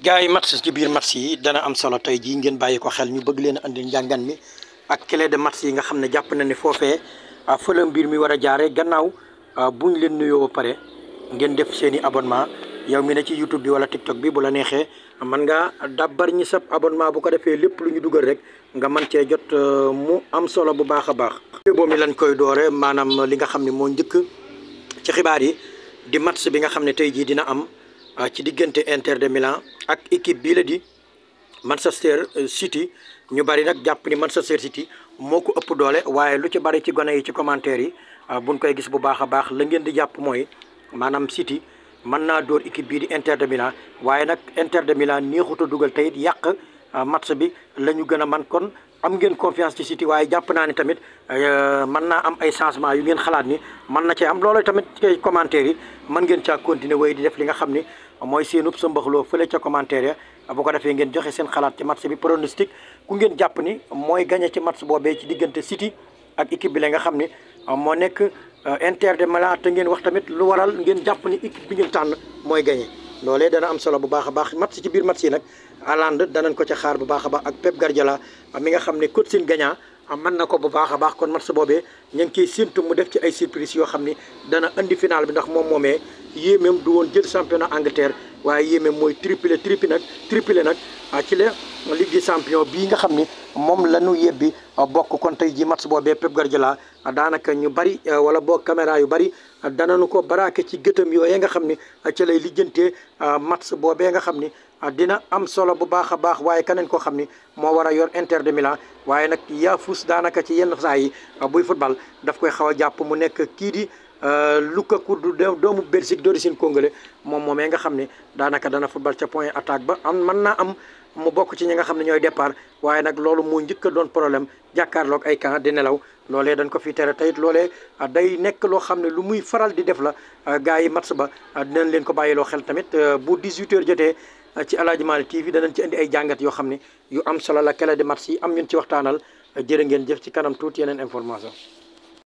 gars yi match ci biir match yi dana am solo tey jii ngeen bàyyi ko xel ñu bëgg leen a andi njàngan mi ak clé de match yi nga xam ne jàpp na ne foofee ah, fële mbir mi war a jaaree gannaaw ah, buñ leen nuyoo ba pare ngeen def seen i abonnement yow mi ne ci YouTube bi wala TikTok bi bu la neexee man nga dabbar ñi sab abonnement bu ko defee lépp lu ñu dugal rek nga man cee jot ah, mu am solo bu baax a baax. boobu mi lañ koy doore maanaam li nga xam ne moo njëkk ci xibaar yi di match bi nga xam ne tey jii dina am. Euh, ci diggante Inter de Milan ak équipe bi la di Manchester euh, City ñu bari nag jàpp ni Manchester City moo ko ëpp doole waaye lu ci bari ci gone yi ci commentaire yi euh, buñ koy gis bu baax a baax la ngeen di jàpp mooy maanaam City mën naa dóor équipe bii di Inter de Milan waaye nag Inter de Milan neexut a dugal tey yàq match bi la ñu gën a man kon am ngeen confiance ci City waaye jàpp naa ne tamit euh, mën naa am ay changement yu ngeen xalaat ni mën na cee am looloo tamit ci commentaire yi mën ngeen caa continuer wéy di def li nga xam ni mooy seenub sa mbaxloo fële ca commentaire ya ko defee joxe seen xalaat ci match bi pronostic ku ngeen jàpp ni mooy gagné ci match boobee ci diggante City ak équipe bi la nga xam ni moo nekk euh, Inter de Milan ngeen wax tamit lu waral ngeen jàpp ni équipe bi ngeen tànn mooy gagné loolee dana am solo bu baax a baax match ci biir match yi nag Haaland danañ ko ca xaar bu baax a baax ak Pep a mi nga xam ne coach gagnant mën na ko bu baax a baax kon match boobee ngeen kii séntu mu def ci ay surprise yoo xam ni dana andi final bi ndax moom moomee yéemeem du woon jël championnat Angleterre waaye yéemeem mooy triplé triplé nag triplé nag ah, ci la Ligue des champions bii nga xam ni moom la ñu yebbi ah, bokk kon tey ji match boobee Pep Guardiola ah, daanaka ñu bari wala boo caméra yu bari danañu ko baraake ci gëtam yooyee nga xam ni ci lay lijjantee match boobee nga xam ni dina am solo bu baax a baax waaye ka keneen koo xam ni moo war a yor Inter de Milan waaye nag yaa fuus daanaka ci yenn saa yi buy football daf koy xaw a jàpp mu nekk kii di euh, Lukaku du doomu Belgique d'origine congolais moom moomee nga xam ne daanaka dana football ca point attaque ba am man naa am mu bokk ci ñi nga xam ne ñooy départ waaye nag loolu moo njëkk doon problème jàkkaarloog ay camp di nelaw loolee dañ ko fi tere tayit loolee euh, day nekk loo xam ne lu muy faral di def la euh, gars yi match ba dinañ leen ko bàyyiloo xel tamit bu 18h jotee ci Aladji Malick TV danañ ci indi ay jàngat yoo xam ne yu am solo la kele di match yi am ñun ci waxtaanal jërë ngeen ci kanam tuuti yeneen information